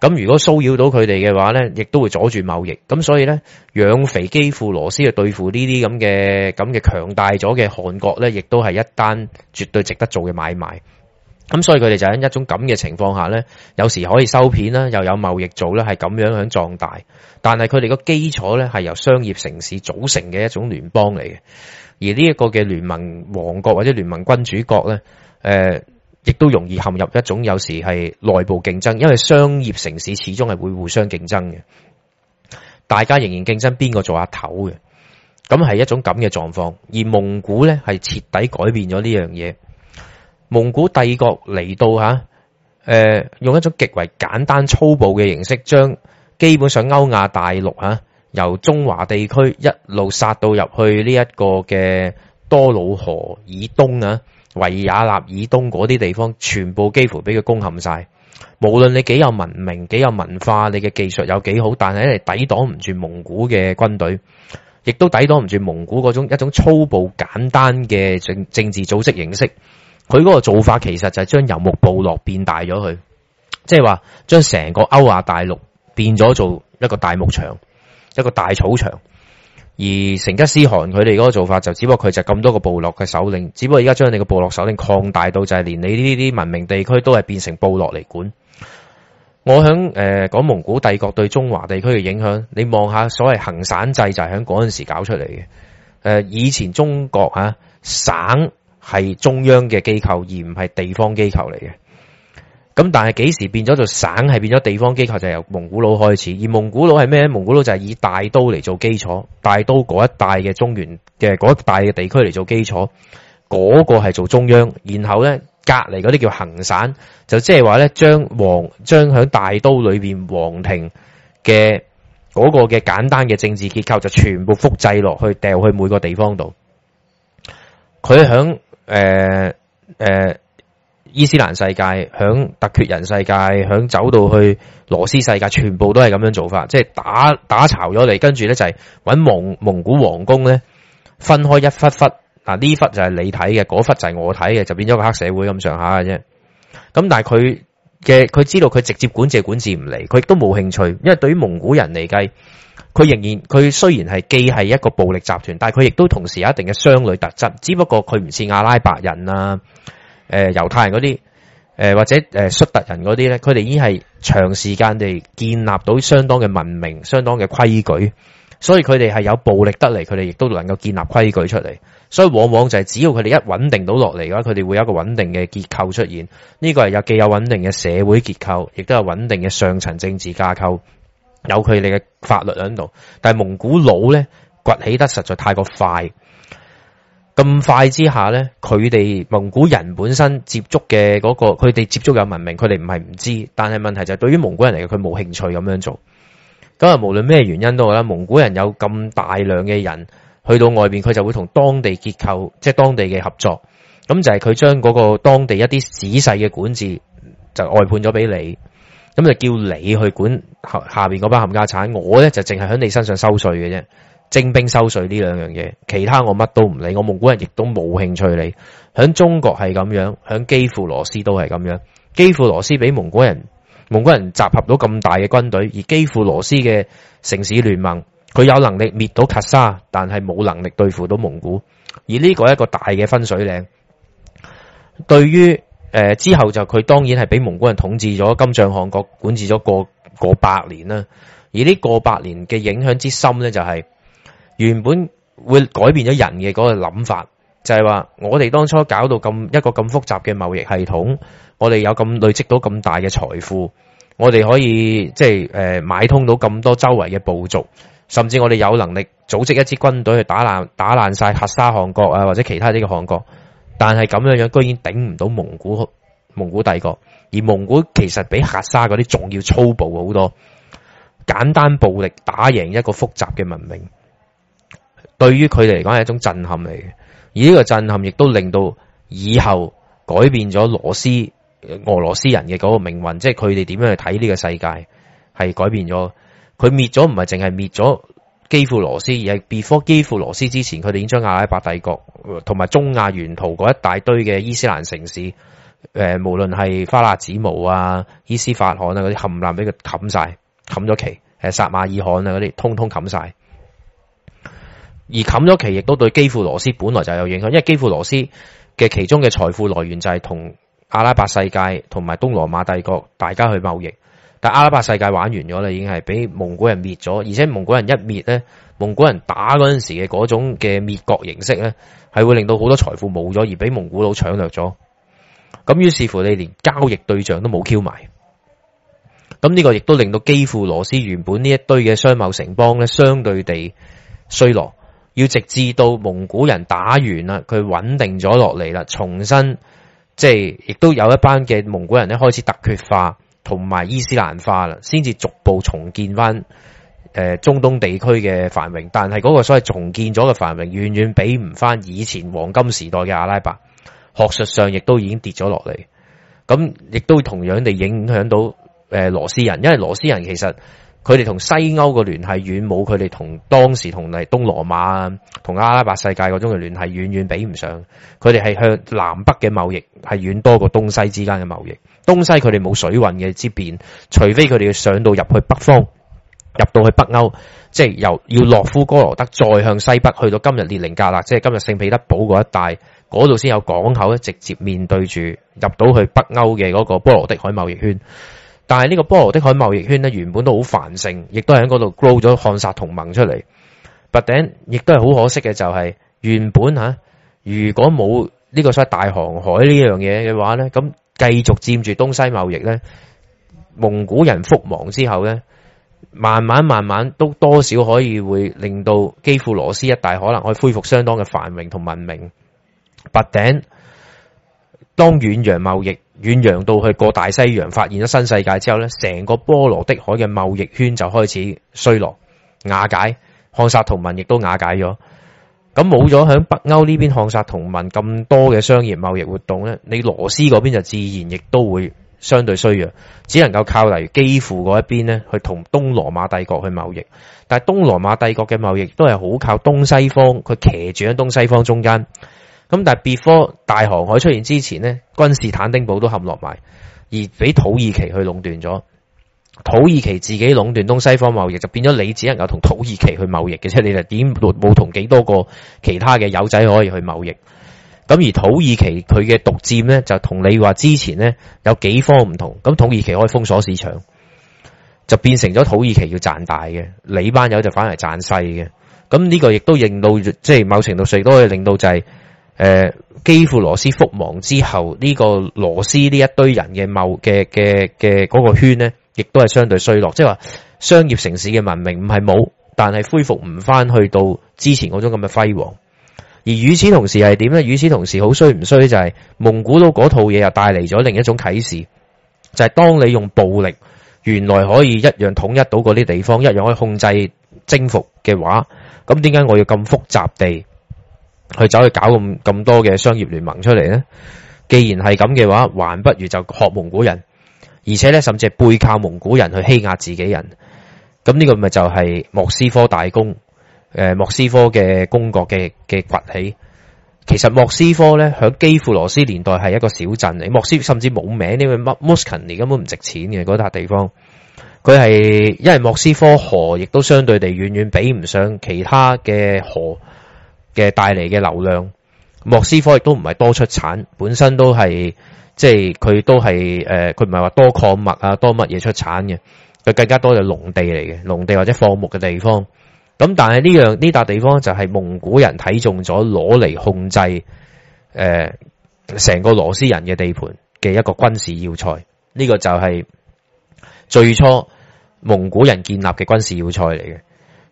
咁如果騷擾到佢哋嘅話呢，亦都會阻住貿易。咁所以呢，養肥基輔羅斯去對付呢啲咁嘅咁嘅強大咗嘅韓國呢，亦都係一單絕對值得做嘅買賣。咁所以佢哋就喺一種咁嘅情況下呢，有時可以收片啦，又有貿易做啦，係咁樣樣壯大。但係佢哋個基礎呢，係由商業城市組成嘅一種聯邦嚟嘅，而呢一個嘅聯盟王國或者聯盟君主國呢。呃亦都容易陷入一種有時係內部競爭，因為商業城市始終係會互相競爭嘅，大家仍然競爭邊個做阿頭嘅，咁係一種咁嘅狀況。而蒙古呢，係徹底改變咗呢樣嘢，蒙古帝國嚟到下、呃、用一種極為簡單粗暴嘅形式，將基本上歐亞大陸啊，由中華地區一路殺到入去呢一個嘅多瑙河以東啊。維也納以東嗰啲地方，全部幾乎俾佢攻陷晒。無論你幾有文明、幾有文化，你嘅技術有幾好，但係你抵擋唔住蒙古嘅軍隊，亦都抵擋唔住蒙古嗰種一種粗暴簡單嘅政政治組織形式。佢嗰個做法其實就係將游牧部落變大咗，佢即係話將成個歐亞大陸變咗做一個大牧場，一個大草場。而成吉思汗佢哋嗰個做法就，只不過佢就咁多個部落嘅首領，只不過而家將你個部落首領擴大到就係連你呢啲文明地區都係變成部落嚟管。我響誒、呃、講蒙古帝國對中華地區嘅影響，你望下所謂行省制就係喺嗰陣時搞出嚟嘅。誒、呃，以前中國啊省係中央嘅機構，而唔係地方機構嚟嘅。咁但係幾時變咗做省？係變咗地方機構就由蒙古佬開始，而蒙古佬係咩咧？蒙古佬就係以大都嚟做基礎，大都嗰一帶嘅中原嘅嗰一帶嘅地區嚟做基礎，嗰、嗰個係做中央，然後咧隔籬嗰啲叫行省，就即係話咧將皇將響大都裏邊皇庭嘅嗰個嘅簡單嘅政治結構就全部複製落去，掉去每個地方度。佢響誒誒。呃呃伊斯蘭世界、響突厥人世界、響走到去羅斯世界，全部都係咁樣做法，即係打打巢咗你。跟住呢，就係搵蒙蒙古皇宮呢，分開一忽忽嗱，呢忽就係你睇嘅，嗰忽就係我睇嘅，就變咗個黑社會咁上下嘅啫。咁但係佢嘅佢知道佢直接管治管治唔嚟，佢亦都冇興趣，因為對於蒙古人嚟計，佢仍然佢雖然係既係一個暴力集團，但係佢亦都同時有一定嘅商旅特質，只不過佢唔似阿拉伯人啊。誒、呃、猶太人嗰啲，誒、呃、或者誒粟、呃、特人嗰啲咧，佢哋已經係長時間地建立到相當嘅文明、相當嘅規矩，所以佢哋係有暴力得嚟，佢哋亦都能夠建立規矩出嚟。所以往往就係只要佢哋一穩定到落嚟嘅話，佢哋會有一個穩定嘅結構出現。呢、這個係有既有穩定嘅社會結構，亦都有穩定嘅上層政治架構，有佢哋嘅法律喺度。但係蒙古佬咧，崛起得實在太過快。咁快之下咧，佢哋蒙古人本身接觸嘅嗰個，佢哋接觸有文明，佢哋唔係唔知，但係問題就係對於蒙古人嚟講，佢冇興趣咁樣做。咁啊，無論咩原因都好啦，蒙古人有咁大量嘅人去到外邊，佢就會同當地結構，即係當地嘅合作。咁就係佢將嗰個當地一啲仔細嘅管治就外判咗俾你，咁就叫你去管下邊嗰班冚家產，我咧就淨係喺你身上收稅嘅啫。徵兵收稅呢兩樣嘢，其他我乜都唔理。我蒙古人亦都冇興趣理。響中國係咁樣，響基輔羅斯都係咁樣。基輔羅斯俾蒙古人，蒙古人集合到咁大嘅軍隊，而基輔羅斯嘅城市聯盟佢有能力滅到卡沙，但係冇能力對付到蒙古。而呢個一個大嘅分水嶺，對於誒、呃、之後就佢當然係俾蒙古人統治咗金帳汗國，管治咗過過百年啦。而呢過百年嘅影響之深呢、就是，就係。原本會改變咗人嘅嗰個諗法，就係話我哋當初搞到咁一個咁複雜嘅貿易系統，我哋有咁累積到咁大嘅財富，我哋可以即係誒買通到咁多周圍嘅部族，甚至我哋有能力組織一支軍隊去打爛打爛晒黑沙汗國啊，或者其他啲嘅汗國。但係咁樣樣居然頂唔到蒙古蒙古帝國，而蒙古其實比黑沙嗰啲仲要粗暴好多，簡單暴力打贏一個複雜嘅文明。對於佢哋嚟講係一種震撼嚟嘅，而呢個震撼亦都令到以後改變咗羅斯俄羅斯人嘅嗰個命運，即係佢哋點樣去睇呢個世界係改變咗。佢滅咗唔係淨係滅咗基輔羅斯，而係 before 基輔羅斯之前，佢哋已經將阿拉伯帝國同埋中亞沿途嗰一大堆嘅伊斯蘭城市，誒、呃、無論係花剌子模啊、伊斯法罕啊嗰啲，冚 𠾴 唥俾佢冚晒，冚咗旗，誒薩馬爾罕啊嗰啲，通通冚晒。而冚咗旗亦都對基輔羅斯本來就有影響，因為基輔羅斯嘅其中嘅財富來源就係同阿拉伯世界同埋東羅馬帝國大家去貿易，但阿拉伯世界玩完咗啦，已經係俾蒙古人滅咗，而且蒙古人一滅咧，蒙古人打嗰陣時嘅嗰種嘅滅國形式咧，係會令到好多財富冇咗，而俾蒙古佬搶掠咗。咁於是乎，你連交易對象都冇 Q 埋，咁呢個亦都令到基輔羅斯原本呢一堆嘅商貿城邦咧，相對地衰落。要直至到蒙古人打完啦，佢穩定咗落嚟啦，重新即係亦都有一班嘅蒙古人咧開始突厥化同埋伊斯蘭化啦，先至逐步重建翻誒中東地區嘅繁榮。但係嗰個所謂重建咗嘅繁榮，遠遠比唔翻以前黃金時代嘅阿拉伯，學術上，亦都已經跌咗落嚟。咁亦都同樣地影響到誒羅斯人，因為羅斯人其實。佢哋同西歐嘅聯繫遠，冇佢哋同當時同嚟東羅馬同阿拉伯世界嗰種嘅聯繫遠遠比唔上。佢哋係向南北嘅貿易係遠多過東西之間嘅貿易。東西佢哋冇水運嘅之便，除非佢哋要上到入去北方，入到去北歐，即係由要洛夫哥羅德再向西北去到今日列寧格勒，即係今日聖彼得堡嗰一帶，嗰度先有港口直接面對住入到去北歐嘅嗰個波羅的海貿易圈。但係呢個波羅的海貿易圈呢，原本都好繁盛，亦都係喺嗰度 grow 咗漢薩同盟出嚟。白頂亦都係好可惜嘅，就係原本吓、啊，如果冇呢個所謂大航海呢樣嘢嘅話咧，咁繼續佔住東西貿易咧，蒙古人覆亡之後咧，慢慢慢慢都多少可以會令到基輔羅斯一帶可能可以恢復相當嘅繁榮同文明。白頂。當遠洋貿易遠洋到去過大西洋，發現咗新世界之後呢，成個波羅的海嘅貿易圈就開始衰落，瓦解，漢薩同盟亦都瓦解咗。咁冇咗響北歐呢邊漢薩同盟咁多嘅商業貿易活動呢，你羅斯嗰邊就自然亦都會相對衰弱，只能夠靠例如基輔嗰一邊呢去同東羅馬帝國去貿易。但係東羅馬帝國嘅貿易都係好靠東西方，佢騎住喺東西方中間。咁但係別科大航海出現之前呢，君士坦丁堡都陷落埋，而俾土耳其去壟斷咗。土耳其自己壟斷東西方貿易，就變咗你只能夠同土耳其去貿易嘅，即係你就點冇同幾多個其他嘅友仔可以去貿易。咁而土耳其佢嘅獨占呢，就同你話之前呢有幾方唔同。咁土耳其可以封鎖市場，就變成咗土耳其要賺大嘅，你班友就反而賺細嘅。咁呢個亦都令到即係某程度上亦都可以令到就係、是。誒，基輔羅斯覆亡之後，呢、這個羅斯呢一堆人嘅謀嘅嘅嘅個圈呢，亦都係相對衰落。即係話商業城市嘅文明唔係冇，但係恢復唔翻去到之前嗰種咁嘅輝煌。而與此同時係點呢？與此同時好衰唔衰就係、是、蒙古佬嗰套嘢又帶嚟咗另一種啟示，就係、是、當你用暴力，原來可以一樣統一到嗰啲地方，一樣可以控制征服嘅話，咁點解我要咁複雜地，去走去搞咁咁多嘅商業聯盟出嚟咧，既然係咁嘅話，還不如就學蒙古人，而且咧甚至係背靠蒙古人去欺壓自己人，咁、這、呢個咪就係莫斯科大公，誒莫斯科嘅公國嘅嘅崛起。其實莫斯科咧響基輔羅斯年代係一個小鎮嚟，莫斯科甚至冇名，因為 Moscow 根本唔值錢嘅嗰笪地方。佢係因為莫斯科河亦都相對地遠遠比唔上其他嘅河。嘅帶嚟嘅流量，莫斯科亦都唔係多出產，本身都係即係佢都係誒，佢唔係話多礦物啊，多乜嘢出產嘅，佢更加多係農地嚟嘅，農地或者放牧嘅地方。咁但係呢樣呢笪地方就係蒙古人睇中咗攞嚟控制、呃、成個羅斯人嘅地盤嘅一個軍事要塞。呢個就係最初蒙古人建立嘅軍事要塞嚟嘅。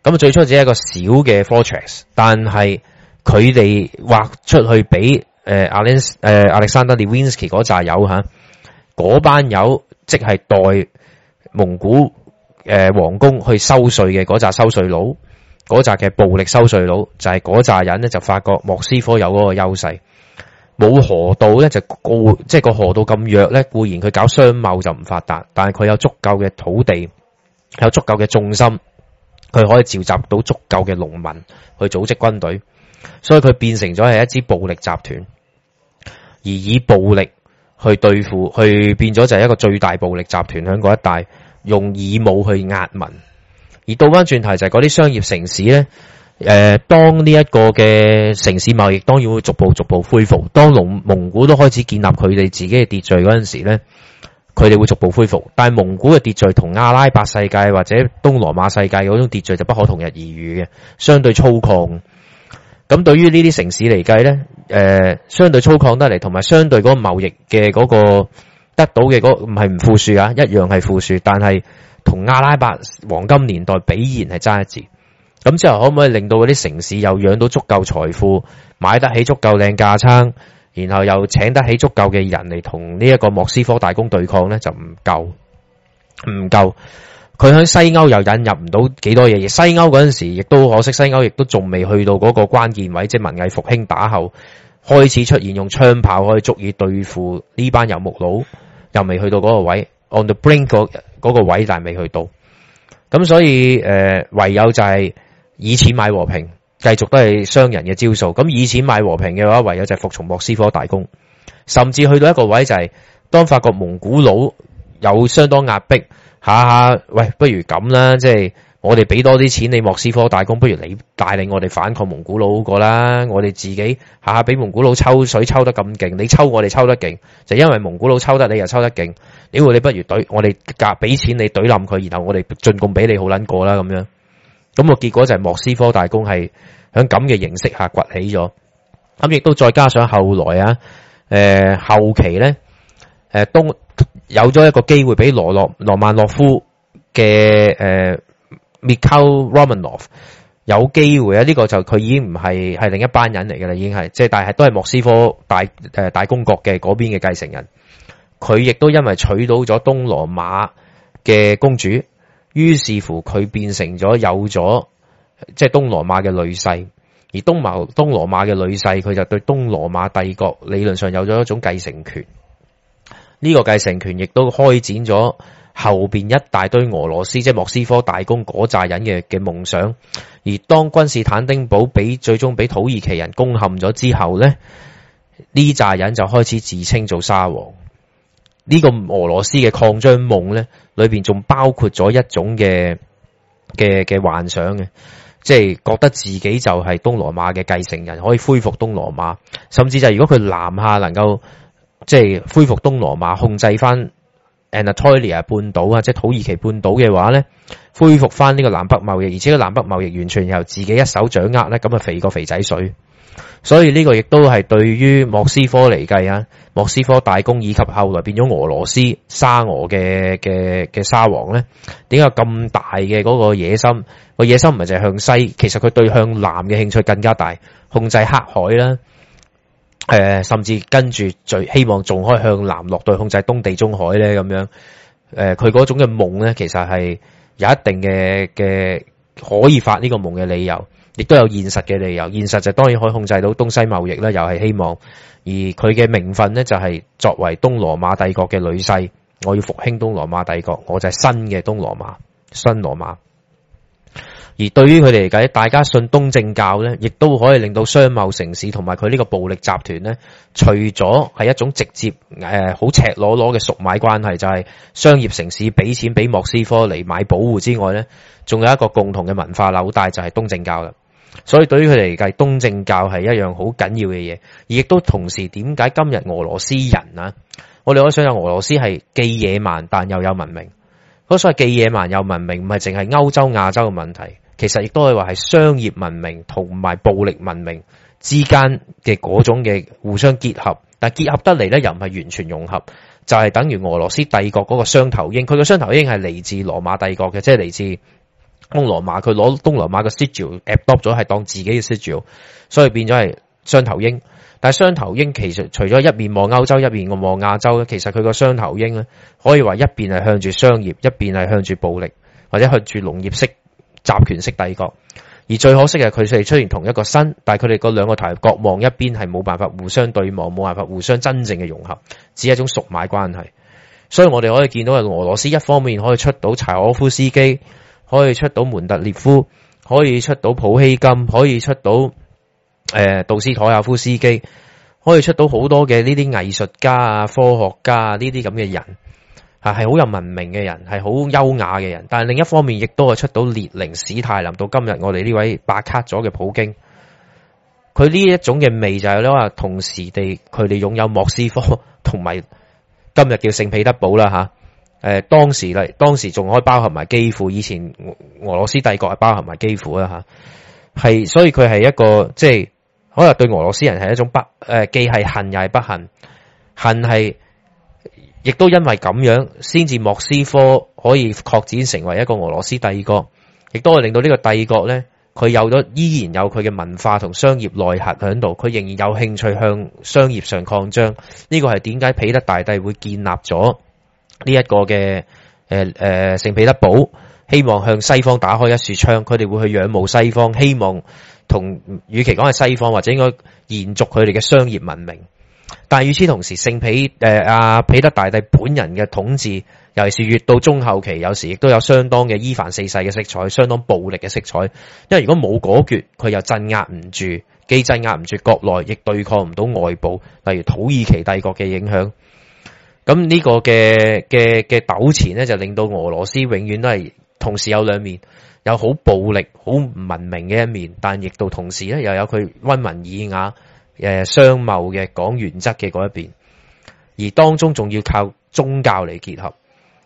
咁最初只係一個小嘅 fortress，但係佢哋劃出去俾誒阿連誒亞歷山大尼 Winski 嗰扎友嚇，嗰班友即係代蒙古誒皇宮去收稅嘅嗰扎收稅佬，嗰扎嘅暴力收稅佬就係嗰扎人咧。就發覺莫斯科有嗰個優勢，冇河道咧就固即係個河道咁弱咧，固然佢搞商貿就唔發達，但係佢有足夠嘅土地，有足夠嘅重心，佢可以召集到足夠嘅農民去組織軍隊。所以佢變成咗係一支暴力集團，而以暴力去對付，去變咗就係一個最大暴力集團喺嗰一帶用武力去壓民。而倒翻轉頭就係嗰啲商業城市呢。誒，當呢一個嘅城市貿易當然會逐步逐步恢復。當農蒙古都開始建立佢哋自己嘅秩序嗰陣時呢，佢哋會逐步恢復。但係蒙古嘅秩序同阿拉伯世界或者東羅馬世界嗰種秩序就不可同日而語嘅，相對粗獷。咁對於呢啲城市嚟計呢，誒、呃、相對粗獷得嚟，同埋相對嗰個貿易嘅嗰個得到嘅嗰個唔係唔富庶啊，一樣係富庶，但係同阿拉伯黃金年代比然係爭一截。咁之後可唔可以令到嗰啲城市又養到足夠財富，買得起足夠靚架撐，然後又請得起足夠嘅人嚟同呢一個莫斯科大公對抗呢？就唔夠，唔夠。佢喺西歐又引入唔到幾多嘢，西，西歐嗰陣時亦都可惜，西歐亦都仲未去到嗰個關鍵位，即係文藝復興打後開始出現用槍炮可以足以對付呢班游牧佬，又未去到嗰個位，on the brink 嗰個個位，但係未去到，咁所以誒、呃、唯有就係以錢買和平，繼續都係商人嘅招數。咁以錢買和平嘅話，唯有就係服從莫斯科大公，甚至去到一個位就係當發覺蒙古佬有相當壓迫。下下喂，不如咁啦，即係我哋俾多啲錢你莫斯科大公，不如你帶領我哋反抗蒙古佬好過啦。我哋自己下下俾蒙古佬抽水抽得咁勁，你抽我哋抽得勁，就因為蒙古佬抽得你又抽得勁，你會，你不如懟我哋，夾俾錢你懟冧佢，然後我哋進貢俾你好撚過啦咁樣。咁個結果就係莫斯科大公係響咁嘅形式下崛起咗，咁亦都再加上後來啊，誒、呃、後期咧，誒、呃、東。有咗一個機會俾羅洛羅曼諾夫嘅、呃、Mikhail Romanov 有機會啊！呢、這個就佢已經唔係係另一班人嚟㗎啦，已經係即係，但係都係莫斯科大、呃、大公國嘅嗰邊嘅繼承人。佢亦都因為娶到咗東羅馬嘅公主，於是乎佢變成咗有咗即係東羅馬嘅女婿，而東羅東羅馬嘅女婿佢就對東羅馬帝國理論上有咗一種繼承權。呢個繼承權亦都開展咗後邊一大堆俄羅斯即係莫斯科大公嗰扎人嘅嘅夢想。而當君士坦丁堡俾最終俾土耳其人攻陷咗之後呢，呢扎人就開始自稱做沙皇。呢個俄羅斯嘅擴張夢呢裏邊仲包括咗一種嘅嘅幻想嘅，即係覺得自己就係東羅馬嘅繼承人，可以恢復東羅馬，甚至就係如果佢南下能夠。即係恢復東羅馬控制翻 Anatolia 半島啊，即係土耳其半島嘅話咧，恢復翻呢個南北貿易，而且個南北貿易完全由自己一手掌握咧，咁啊肥過肥仔水。所以呢個亦都係對於莫斯科嚟計啊，莫斯科大公以及後來變咗俄羅斯沙俄嘅嘅嘅沙皇咧，點解有咁大嘅嗰個野心？個野心唔係就係向西，其實佢對向南嘅興趣更加大，控制黑海啦。誒，甚至跟住最希望仲可以向南落到控制東地中海咧，咁樣誒，佢、呃、嗰種嘅夢咧，其實係有一定嘅嘅可以發呢個夢嘅理由，亦都有現實嘅理由。現實就當然可以控制到東西貿易啦，又係希望而佢嘅名分咧，就係、是、作為東羅馬帝國嘅女婿，我要復興東羅馬帝國，我就係新嘅東羅馬新羅馬。而對於佢哋嚟計，大家信東正教咧，亦都可以令到商貿城市同埋佢呢個暴力集團咧，除咗係一種直接誒，好、呃、赤裸裸嘅贖買關係，就係、是、商業城市俾錢俾莫斯科嚟買保護之外咧，仲有一個共同嘅文化紐帶就係東正教啦。所以對於佢哋嚟計，東正教係一樣好緊要嘅嘢，亦都同時點解今日俄羅斯人啊？我哋可以想有俄羅斯係既野蠻但又有文明，那個、所謂既野蠻又文明，唔係淨係歐洲亞洲嘅問題。其實亦都可以話係商業文明同埋暴力文明之間嘅嗰種嘅互相結合，但係結合得嚟咧又唔係完全融合，就係、是、等於俄羅斯帝國嗰個雙頭鷹。佢個雙頭鷹係嚟自羅馬帝國嘅，即係嚟自東羅馬，佢攞東羅馬嘅 sitio adopt 咗，係當自己嘅 sitio，所以變咗係雙頭鷹。但係雙頭鷹其實除咗一面望歐洲，一面望亞洲咧，其實佢個雙頭鷹咧可以話一邊係向住商業，一邊係向住暴力或者向住農業式集權式帝國，而最可惜嘅係佢哋出現同一個身，但係佢哋嗰兩個台國望一邊係冇辦法互相對望，冇辦法互相真正嘅融合，只係一種贖買關係。所以我哋可以見到係俄羅斯一方面可以出到柴可夫斯基，可以出到門特列夫，可以出到普希金，可以出到誒、呃、杜斯妥也夫斯基，可以出到好多嘅呢啲藝術家啊、科學家啊呢啲咁嘅人。啊，係好有文明嘅人，係好優雅嘅人，但係另一方面亦都係出到列寧、史太林到今日我哋呢位白卡咗嘅普京，佢呢一種嘅味就係咧話，同時地佢哋擁有莫斯科同埋今日叫聖彼得堡啦吓，誒當時咧，當時仲可以包含埋基輔，以前俄羅斯帝國係包含埋基輔啦吓，係所以佢係一個即係、就是、可能對俄羅斯人係一種不誒既係幸、幸，又係不幸，幸係。亦都因為咁樣，先至莫斯科可以擴展成為一個俄羅斯帝國，亦都係令到呢個帝國呢，佢有咗依然有佢嘅文化同商業內核喺度，佢仍然有興趣向商業上擴張。呢個係點解彼得大帝會建立咗呢一個嘅誒聖彼得堡，希望向西方打開一扇窗，佢哋會去仰慕西方，希望同與其講係西方或者應該延續佢哋嘅商業文明。但係與此同時，聖彼、誒阿彼得大帝本人嘅統治，尤其是越到中後期，有時亦都有相當嘅伊凡四世嘅色彩，相當暴力嘅色彩。因為如果冇果決，佢又鎮壓唔住，既鎮壓唔住國內，亦對抗唔到外部，例如土耳其帝國嘅影響。咁呢個嘅嘅嘅糾纏呢，就令到俄羅斯永遠都係同時有兩面，有好暴力、好唔文明嘅一面，但亦都同時呢，又有佢溫文爾雅，誒，商貿嘅講原則嘅嗰一邊，而當中仲要靠宗教嚟結合，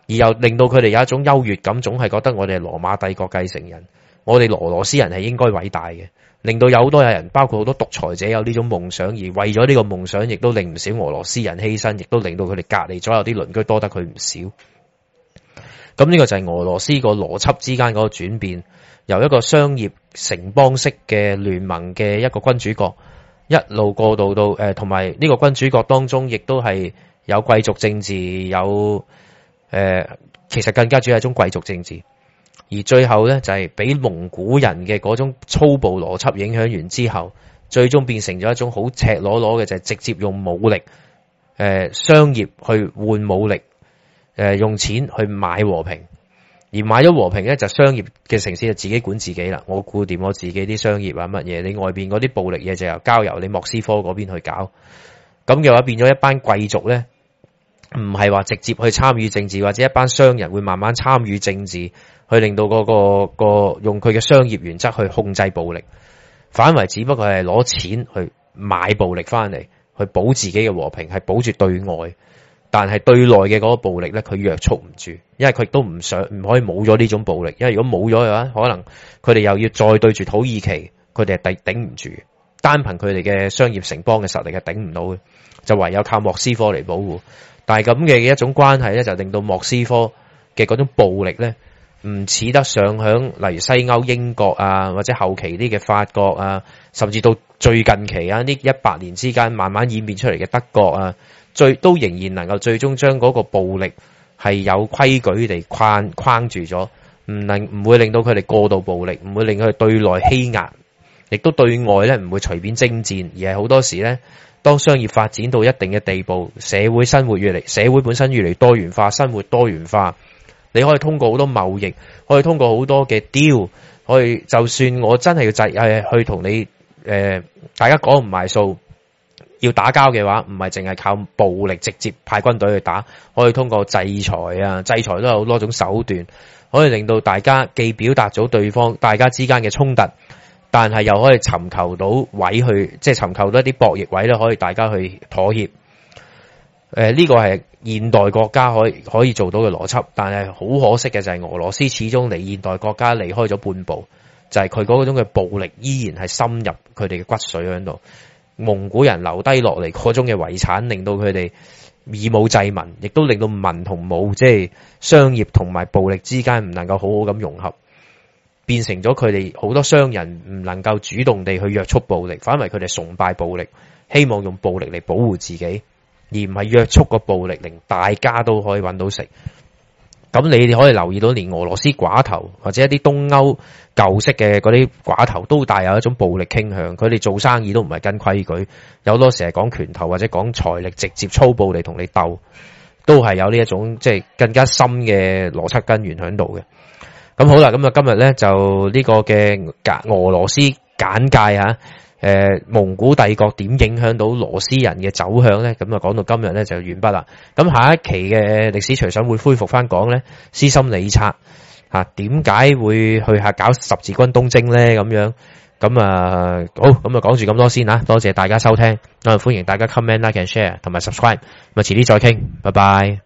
而又令到佢哋有一種優越感，總係覺得我哋係羅馬帝國繼承人，我哋俄羅斯人係應該偉大嘅。令到有好多有人，包括好多獨裁者，有呢種夢想，而為咗呢個夢想，亦都令唔少俄羅斯人犧牲，亦都令到佢哋隔離左右啲鄰居多得佢唔少。咁呢個就係俄羅斯個邏輯之間嗰個轉變，由一個商業城邦式嘅聯盟嘅一個君主國一路過渡到呃、同埋呢個君主國當中，亦都係有貴族政治，有、呃、其實更加主要係一種貴族政治。而最後咧，就係、是、俾蒙古人嘅嗰種粗暴邏輯影響完之後，最終變成咗一種好赤裸裸嘅，就係、是、直接用武力、呃，商業去換武力，呃、用錢去買和平。而買咗和平咧，就商業嘅城市就自己管自己啦。我顧掂我自己啲商業或乜嘢，你外面嗰啲暴力嘢就由交由你莫斯科嗰邊去搞。咁嘅話變咗一班貴族咧，唔係話直接去參與政治，或者一班商人會慢慢參與政治，去令到嗰個用佢嘅商業原則去控制暴力，反為只不過係攞錢去買暴力翻嚟，去保自己嘅和平，係保住對外。但係對內嘅嗰個暴力咧，佢約束唔住，因為佢亦都唔想唔可以冇咗呢種暴力，因為如果冇咗嘅話，可能佢哋又要再對住土耳其，佢哋係頂唔住，單憑佢哋嘅商業城邦嘅實力係頂唔到嘅，就唯有靠莫斯科嚟保護。但係咁嘅一種關係咧，就令到莫斯科嘅嗰種暴力咧，唔似得上響，例如西歐英國啊，或者後期啲嘅法國啊，甚至到最近期啊呢一百年之間慢慢演變出嚟嘅德國啊。最都仍然能夠最終將嗰個暴力係有規矩地框框住咗，唔能唔會令到佢哋過度暴力，唔會令佢哋對內欺壓，亦都對外咧唔會隨便征戰，而係好多時咧，當商業發展到一定嘅地步，社會生活越嚟社會本身越嚟多元化，生活多元化，你可以通過好多貿易，可以通過好多嘅 deal，可以就算我真係要集去同你誒、呃、大家講唔埋數。要打交嘅話，唔係淨係靠暴力，直接派軍隊去打，可以通過制裁啊，制裁都有好多種手段，可以令到大家既表達咗對方大家之間嘅衝突，但係又可以尋求到位去，即係尋求到一啲博弈位咧，可以大家去妥協。誒、呃，呢、呢個係現代國家可以可以做到嘅邏輯，但係好可惜嘅就係俄羅斯始終離現代國家離開咗半步，就係佢嗰種嘅暴力依然係深入佢哋嘅骨髓喺度。蒙古人留低落嚟嗰種嘅遺產，令到佢哋以武制民，亦都令到民同武即係商業同埋暴力之間唔能夠好好咁融合，變成咗佢哋好多商人唔能夠主動地去約束暴力，反為佢哋崇拜暴力，希望用暴力嚟保護自己，而唔係約束個暴力，令大家都可以搵到食。咁你哋可以留意到，連俄羅斯寡頭或者一啲東歐舊式嘅嗰啲寡頭都帶有一種暴力傾向，佢哋做生意都唔係跟規矩，有好多時係講拳頭或者講財力，直接粗暴嚟同你鬥，都係有呢一種即係、就是、更加深嘅邏輯根源響度嘅。咁好啦，咁啊今日呢，就呢個嘅俄俄羅斯簡介吓。誒、呃，蒙古帝國點影響到羅斯人嘅走向咧？咁啊，講到今日咧就完畢啦。咁下一期嘅歷史隨想會恢復翻講咧，私心理策吓，點、啊、解會去下搞十字軍東征咧？咁樣咁啊，好，咁啊，講住咁多先吓，多謝大家收聽，咁啊，歡迎大家 comment like and share 同埋 subscribe，咁啊，遲啲再傾，拜拜。